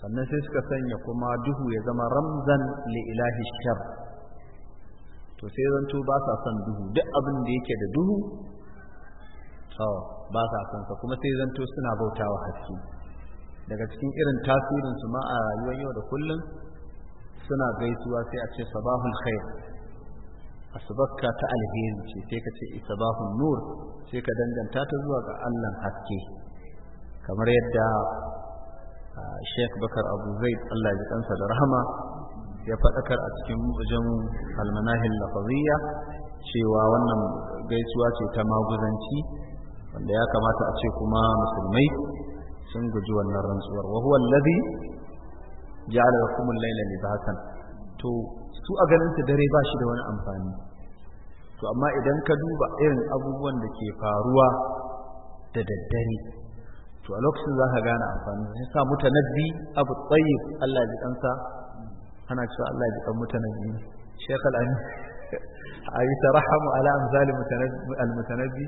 sannan sai suka sanya kuma duhu ya zama ramzan li ilahi shar to sai zanto ba sa son duhu duk abin da yake da duhu ba sa son sa kuma sai zanto suna bautawa haske daga cikin irin tasirin su ma a rayuwar yau da kullum suna gaisuwa sai a ce sabahul khair asbakka ta alheri ce sai ka ce sabahun nur sai ka danganta ta zuwa ga Allah haske kamar yadda Sheikh Bakar Abu Zaid Allah ya kansa da rahama ya faɗakar a cikin mu'jam al lafaziyya cewa wannan gaisuwa ce ta maguzanci wanda ya kamata a ce kuma musulmai sun guji wannan rantsuwar wa huwa alladhi ja'ala lakum al-layla libasan to su a ganin su dare ba shi da wani amfani to amma idan ka duba irin abubuwan da ke faruwa da daddare to a lokacin za ka gane amfani sai sa mutanabbi abu tsayyib Allah ji kansa ana cewa Allah ji kan mutanabbi Sheikh Al-Amin [laughs] Aisha rahamu ala amsal al-mutanabbi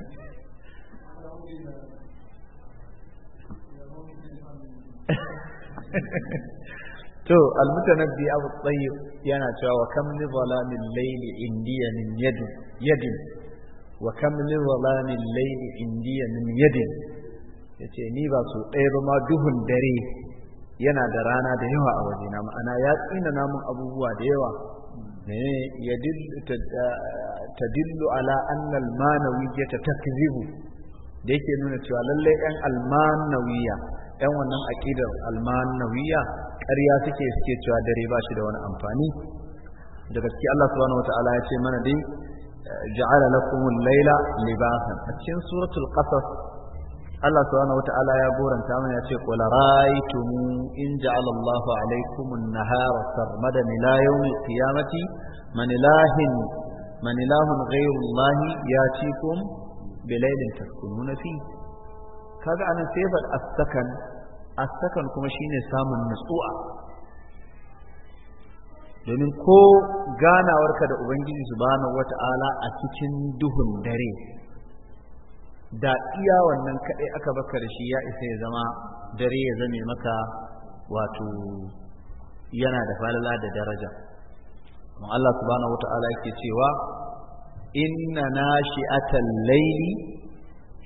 [laughs] to almutanabbi abu tsayyib yana cewa wa kam li zalamin laili indiya min yadin wa kam li zalamin laili indiya min yadin ce ni ba su ɗaya ba ma duhun dare yana da rana da yawa a wajena ma'ana ya tsina namun abubuwa da yawa dillu ala anna almanawi ya ta takzibu da yake nuna cewa lallai yan almanawiya 'yan wannan aƙidar almanawiya ƙarya suke suke cewa dare ba shi da wani amfani da gaske Allah subhanahu wata'ala ya ce mana dai ja'ala lakumul laila libasan a cikin suratul qasas Allah subhanahu wata'ala ya goranta mana ya ce qul ra'aytum in ja'ala Allahu alaykumun nahara sarmadan ila yawmil qiyamati man ilahin man ilahun ghayru Allah yatikum bilailin taskununa fi kaga anan sai as-sakan a sakan kuma shine samun nutsuwa domin ko ganawarka da ubangiji subhanahu wata'ala a cikin duhun dare da iya wannan kaɗai aka baka da shi ya isa ya zama dare ya zame maka wato yana da falala da daraja kuma Allah subhanahu wata'ala yake cewa inna nashi'atal layli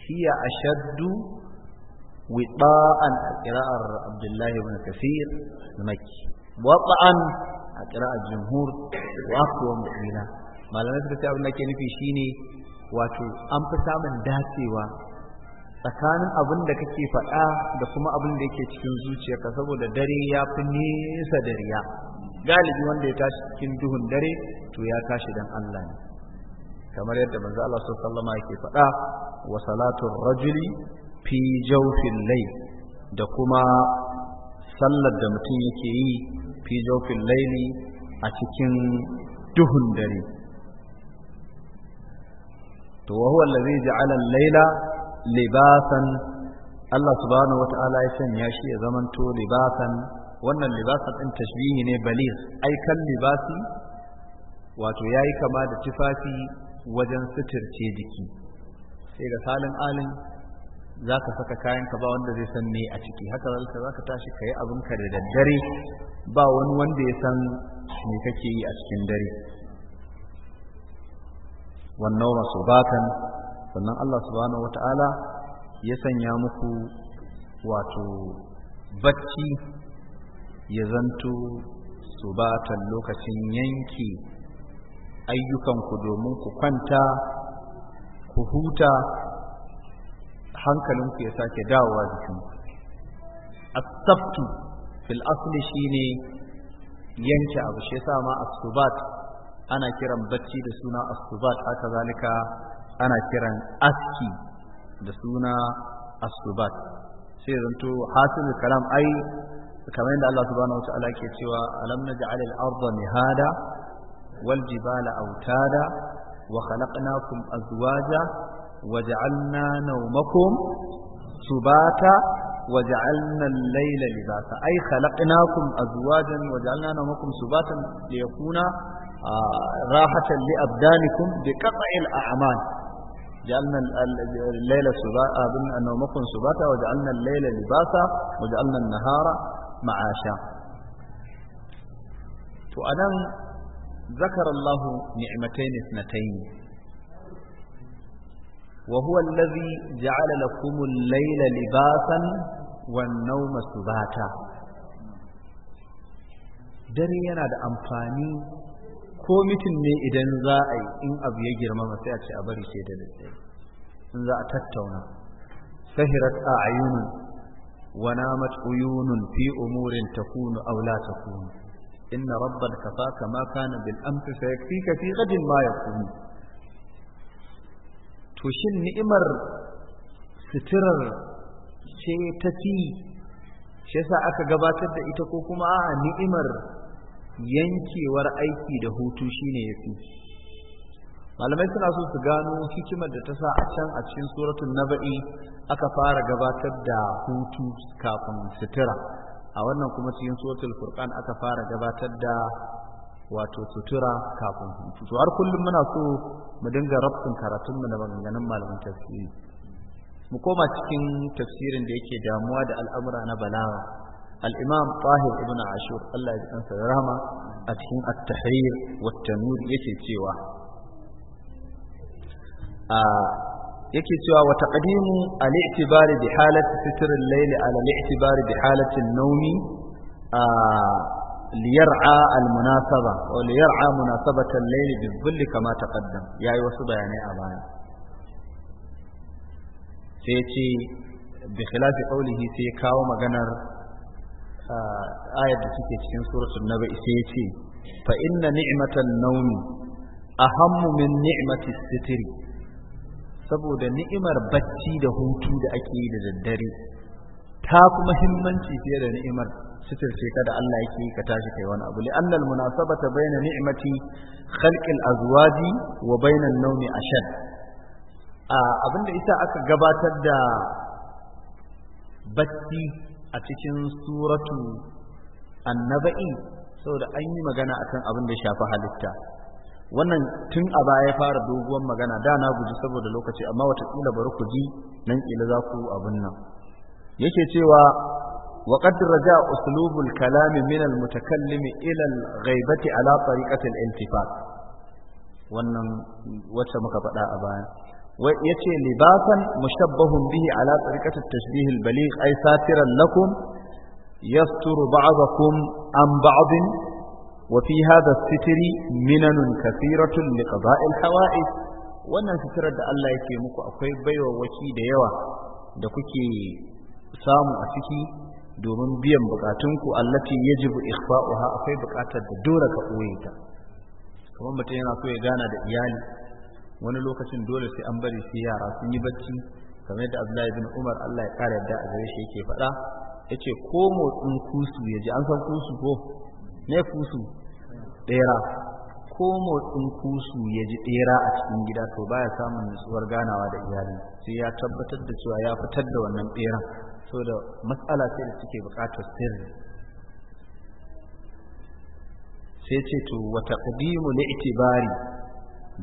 hiya ashaddu wita'an a ƙira'ar abdullahi ibn kafir da maki wata'an a ƙira'ar jumhur wa kuwa mu'mina malamai suka ce abin da ke nufi shine wato an fi samun dacewa tsakanin abin da kake faɗa da kuma abin da yake cikin zuciyarka saboda dare ya fi nesa da riya galibi wanda ya tashi cikin duhun dare to ya tashi dan Allah ne kamar yadda manzo Allah sallallahu alaihi wasallam yake faɗa wa salatu rajuli fi laif lai da kuma sallar da mutum yake yi fi jawfin laili a cikin duhun dare to wa huwa allazi ja'ala al-laila libasan Allah subhanahu wata'ala ya sanya shi ya zamanto libasan wannan libasan ɗin tashbihi ne balis ai kan libasi wato ya yi kama da tufafi wajen suturce jiki sai ga salin alin za ka saka kayan ka ba wanda zai san me a ciki haka zalika za ka tashi ka yi abinka da daddare ba wani wanda ya san me kake yi a cikin dare wannan masu subatan, sannan Allah subhanahu wata'ala ya sanya muku wato bacci ya zanto subatan lokacin yanki ayyukanku domin ku kwanta ku huta hankalinku ya sake dawowa jikin asabtu fil asli shine yanke abu shi yasa ma asubat ana kiran bacci da suna asubat haka zalika ana kiran aski da suna asubat sai zanto hasil kalam ai kamar yadda Allah subhanahu wataala ke cewa alam naj'al al-ardha mihada wal jibala awtada wa khalaqnakum azwaja وجعلنا نومكم سباتا وجعلنا الليل لباسا أي خلقناكم أزواجا وجعلنا نومكم سباتا ليكون آه، راحة لأبدانكم بقطع الأعمال جعلنا الليل سباتا آه، نومكم سباتا وجعلنا الليل لباسا وجعلنا النهار معاشا وأنا ذكر الله نعمتين اثنتين وهو الذي جعل لكم الليل لباسا والنوم سباتا dare yana da amfani ko mitin ne idan za a yi in abu ya girmama sai a ce a bari sai da daddare in za a tattauna sahirat a ayunun wa namat uyunun fi umurin takunu Aula ta takunu inna rabbaka fa kama kana bil amsi ka fi ghadin ma yakunu to ni'imar suturar ce ta fi shi yasa aka gabatar da ita ko kuma a ni'imar yankewar aiki da hutu shine ya fi malamai suna so su gano hikimar da ta sa a can a cikin suratun naba'i aka fara gabatar da hutu kafin sutura a wannan kuma cikin suratul furqan aka fara gabatar da wato sutura kafin hutu to har kullum muna so mu dinga rabtin karatun mu na maganganun malamin tafsiri mu koma cikin tafsirin da yake damuwa da al'amura na balawa al-imam tahir ibn ashur Allah ya kansa rahama a cikin at-tahrir wa tanur yake cewa a yake cewa wa taqdimu al-i'tibari bi halati sitr al-layl ala al-i'tibari bi halati an-nawmi a liyar'a almunasaba wa liyar'a munasabatan laili bizulli kama ya yi wasu bayanai a baya sai ce bi khilafi qawlihi sai kawo maganar ayar da suke cikin suratul nabi sai ce fa inna ni'matan nawmi ahammu min ni'mati sitri saboda ni'imar bacci da hutu da ake yi da daddare ta kuma himmanci fiye da ni'imar sitirce ka da Allah yake ka tashi kai wani abu li'annal munasabata baina ni'mati khalqil azwaji wa bayna an-nawmi ashad abinda ita aka gabatar da bacci a cikin suratu annaba'i saboda an yi magana akan abin da shafi halitta wannan tun a baya fara doguwar magana da na guji saboda lokaci amma watakila bari ku ji nan kila za ku abin nan yake cewa وقد رجع أسلوب الكلام من المتكلم إلى الغيبة على طريقة الالتفات wannan wacce muka faɗa a baya wai yace libasan mushabbahun bihi ala tariqati tashbih al-baligh satiran lakum yasturu ba'dakum an ba'd wa fi hadha as-sitri minanun kathiratun liqada'i al wannan sitrar da Allah yake muku akwai baiwa waki da yawa da kuke samu a ciki domin biyan bukatunku allati yajibu ikhfa'uha akwai bukatar da dole ka koye ta kamar mutum yana so ya gana da iyali wani lokacin dole sai an bari sai yara sun yi bacci kamar yadda Abdullahi bin Umar Allah ya kare yadda a gare shi yake faɗa yace ko motsin kusu ya ji an san kusu ko ne kusu ɗera ko motsin kusu ya ji ɗera a cikin gida to baya samun nutsuwar ganawa da iyali sai ya tabbatar da cewa ya fitar da wannan ɗeran so da matsala sai da suke bukatar sirri sai ce to wa taqdimu li itibari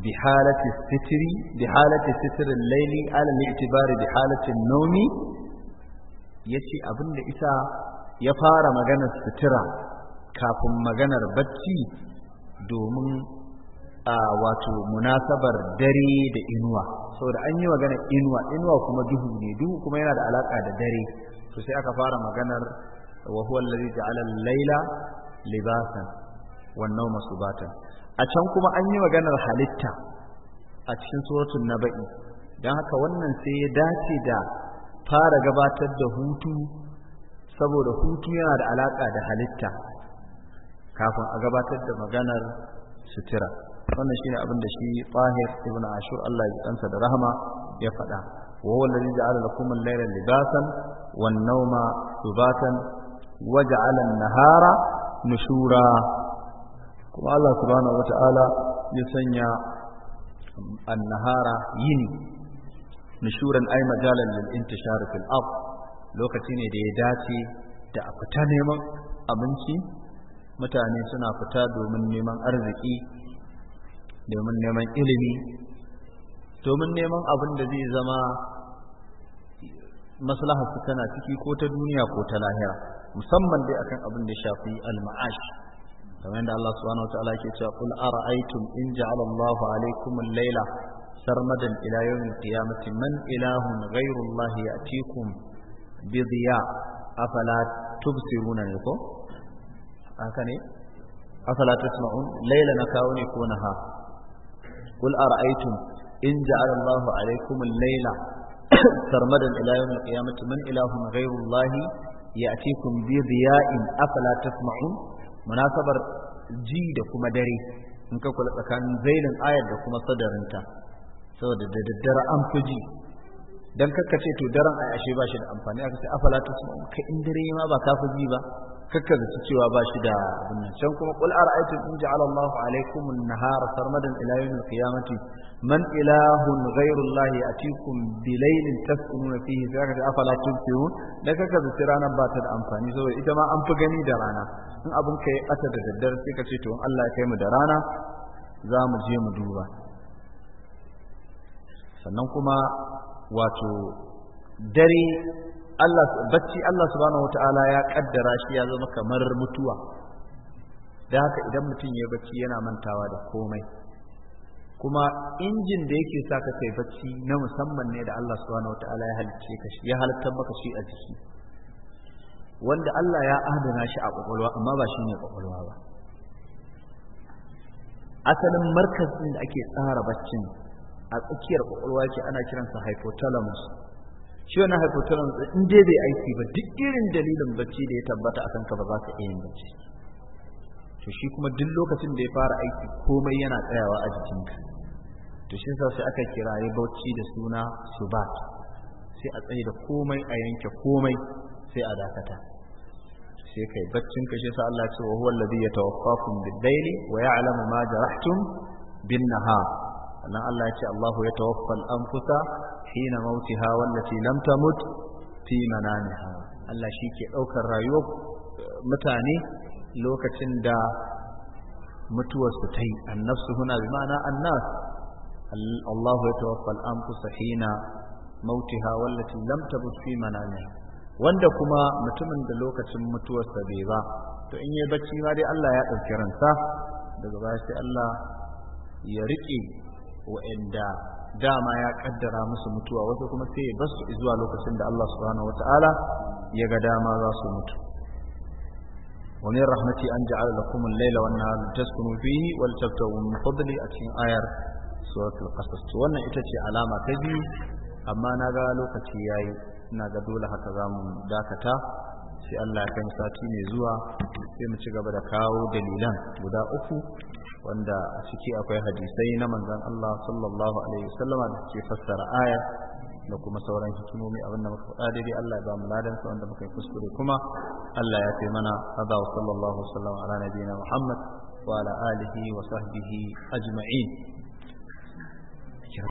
bi halati sitri bi halati sitrin layli ala li itibari bi halati nawmi yace abinda isa ya fara maganar sitira kafin maganar bacci domin a wato munasabar dare da inuwa saboda an yi magana inuwa inuwa kuma duhu ne duhu kuma yana da alaka da dare to sai aka fara maganar wa huwa allazi ja'ala al-laila libasan an nawma subatan a can kuma an yi maganar halitta a cikin suratul naba'i dan haka wannan sai ya dace da fara gabatar da hutu saboda hutu yana da alaka da halitta kafin a gabatar da maganar sutura wannan shine abin da shi Tahir ibn Ashur Allah ya kansa da rahama ya faɗa wa huwa alladhi ja'ala lakum al-layla libasan wan nawma subatan wa ja'ala an-nahara nushura kuma Allah subhanahu wata'ala ya sanya an-nahara yini nushuran ay majalan lil intishar fil ard lokaci ne da ya dace da a fita neman abinci mutane suna fita domin neman arziki domin neman ilimi domin neman abin da zai zama maslaha su tana ciki ko ta duniya ko ta lahira musamman dai akan abin da shafi al-ma'ash kamar yadda Allah subhanahu wataala yake cewa qul ara'aytum in ja'ala Allah alaykum al-layla sarmadan ila yawm al-qiyamati man ilahun ghayru Allah ya'tikum bi dhiya afala tubsiruna ko haka ne afala tasma'un layla na kawo ne ko Wul'ar ara'aytum in ja'ala Allahu layla sarmadan ila yawm al-qiyamati man ilahun ghayru Allah ya'tikum bi diya'in afala tasma'un munasabar ji da kuma dare in ka kula tsakanin zailin ayar da kuma sadarinta saboda da daddare an ji dan kakka ce to daren ai ashe ba shi da amfani aka in dare ma ba fi ji ba kakka zaci cewa ba shi da abin can kuma qul ara'aytum in ja'ala Allahu alaykum an-nahara sarmadan ila al-qiyamati man ilahun ghayru Allah atikum bi laylin taskununa fihi fa kaga afala da kakka zaci ranar ba ta da amfani saboda ita ma an fi gani da rana in abin yi ata da daddare sai ka ce to Allah ya kai mu da rana za mu je mu duba sannan kuma wato dare Allah bacci Allah subhanahu wataala ya kaddara shi ya zama kamar mutuwa da haka idan mutum ya bacci yana mantawa da komai kuma injin da yake sa ka kai bacci na musamman ne da Allah subhanahu wataala ya halicce ka shi ya halittar maka shi a jiki wanda Allah ya adana shi a kwakwalwa amma ba shi ne kwakwalwa ba asalin markazin da ake tsara baccin a tsakiyar kwakwalwa ke ana kiransa hypothalamus shi wani haifotunan in dai bai aiki ba duk irin dalilin bacci da ya tabbata akan ka ba za ka iya yin bacci to shi kuma duk lokacin da ya fara aiki komai yana tsayawa a jikinka to shi sa sai aka kiraye bacci da suna subat sai a tsaye da komai a yanke komai sai a dakata sai kai baccin ka shi sa Allah ya ce wa huwa alladhi yatawaffakum bil-layli wa ya'lamu ma jarahtum bin-nahar nan Allah ya ce Allahu ya tawaffal kusa, hina mauti mautiha wallati lam tamut fi ha. Allah shi ke ɗaukar rayuwar eh, mutane lokacin da mutuwarsu ta yi annafsu huna bi ma'ana annas Allahu ya tawaffal kusa, hina mauti mautiha wallati lam tamut fi manamiha wanda kuma mutumin da lokacin mutuwarsa bai ba to in yi bacci ma dai Allah ya ɗauki ransa daga baya sai Allah ya riƙe wa'anda dama ya kaddara musu mutuwa wasu kuma sai ya basu zuwa lokacin da Allah subhanahu wata'ala ya ga dama za su mutu wa min rahmati an ja'ala lakum al-laila wan nahara taskunu fihi wa tabtagu min fadli a cikin ayar suratul qasas to wannan ita ce alama ta biyu amma na ga lokaci yayi ina ga dole haka zamu dakata sai Allah kan sati mai zuwa sai mu ci gaba da kawo dalilan guda uku wanda a ciki akwai hadisai na manzon Allah sallallahu alaihi wasallama da ke fassara aya da kuma sauran hikimomi abin da muka faɗa daidai Allah ya ba mu ladan sa wanda muka yi kuskure kuma Allah ya kai mana hada sallallahu alaihi wasallam ala nabiyina Muhammad wa ala alihi wa sahbihi ajma'in